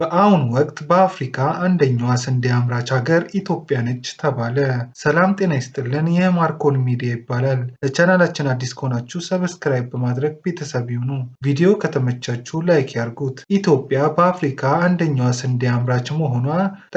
በአሁኑ ወቅት በአፍሪካ አንደኛዋ ስንዴ አምራች ሀገር ኢትዮጵያ ነች ተባለ። ሰላም ጤና ይስጥልን። ይህ ማርኮን ሚዲያ ይባላል። ለቻናላችን አዲስ ከሆናችሁ ሰብስክራይብ በማድረግ ቤተሰብ ይሁኑ። ቪዲዮ ከተመቻችሁ ላይክ ያርጉት። ኢትዮጵያ በአፍሪካ አንደኛዋ ስንዴ አምራች መሆኗ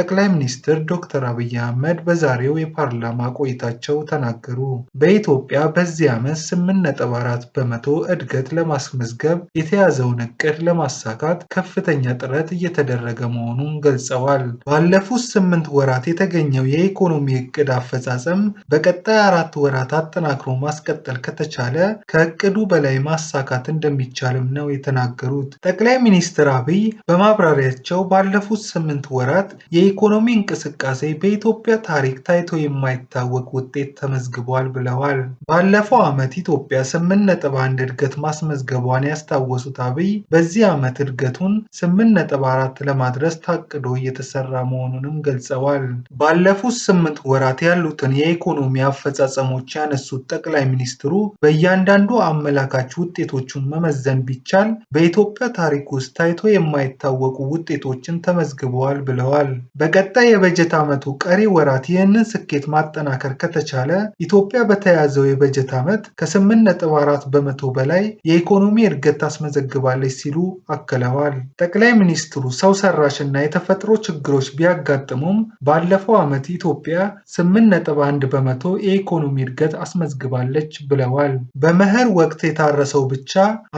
ጠቅላይ ሚኒስትር ዶክተር አብይ አህመድ በዛሬው የፓርላማ ቆይታቸው ተናገሩ። በኢትዮጵያ በዚህ ዓመት አራት በመቶ እድገት ለማስመዝገብ የተያዘውን እቅድ ለማሳካት ከፍተኛ ጥረት እየተደ እየተደረገ መሆኑን ገልጸዋል። ባለፉት ስምንት ወራት የተገኘው የኢኮኖሚ እቅድ አፈጻጸም በቀጣይ አራት ወራት አጠናክሮ ማስቀጠል ከተቻለ ከእቅዱ በላይ ማሳካት እንደሚቻልም ነው የተናገሩት። ጠቅላይ ሚኒስትር አብይ በማብራሪያቸው ባለፉት ስምንት ወራት የኢኮኖሚ እንቅስቃሴ በኢትዮጵያ ታሪክ ታይቶ የማይታወቅ ውጤት ተመዝግቧል ብለዋል። ባለፈው ዓመት ኢትዮጵያ ስምንት ነጥብ አንድ እድገት ማስመዝገቧን ያስታወሱት አብይ በዚህ ዓመት እድገቱን ስምንት ነጥብ አራት ለማድረስ ታቅዶ እየተሰራ መሆኑንም ገልጸዋል። ባለፉት ስምንት ወራት ያሉትን የኢኮኖሚ አፈጻጸሞች ያነሱት ጠቅላይ ሚኒስትሩ በእያንዳንዱ አመላካች ውጤቶቹን መመዘን ቢቻል በኢትዮጵያ ታሪክ ውስጥ ታይቶ የማይታወቁ ውጤቶችን ተመዝግበዋል ብለዋል። በቀጣይ የበጀት ዓመቱ ቀሪ ወራት ይህንን ስኬት ማጠናከር ከተቻለ ኢትዮጵያ በተያዘው የበጀት ዓመት ከ8.4 በመቶ በላይ የኢኮኖሚ እድገት ታስመዘግባለች ሲሉ አክለዋል። ጠቅላይ ሚኒስትሩ ሰው ሰው ሰራሽ እና የተፈጥሮ ችግሮች ቢያጋጥሙም ባለፈው ዓመት ኢትዮጵያ 8.1 በመቶ የኢኮኖሚ እድገት አስመዝግባለች ብለዋል። በመኸር ወቅት የታረሰው ብቻ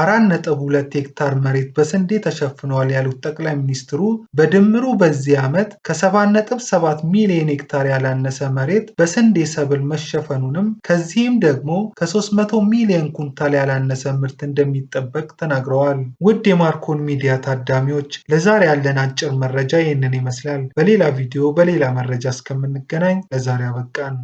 4.2 ሄክታር መሬት በስንዴ ተሸፍኗል ያሉት ጠቅላይ ሚኒስትሩ በድምሩ በዚህ ዓመት ከ7.7 ሚሊዮን ሄክታር ያላነሰ መሬት በስንዴ ሰብል መሸፈኑንም ከዚህም ደግሞ ከ300 ሚሊዮን ኩንታል ያላነሰ ምርት እንደሚጠበቅ ተናግረዋል። ውድ የማርኮን ሚዲያ ታዳሚዎች ለዛሬ ያለን አጭር መረጃ ይህንን ይመስላል። በሌላ ቪዲዮ በሌላ መረጃ እስከምንገናኝ ለዛሬ አበቃን።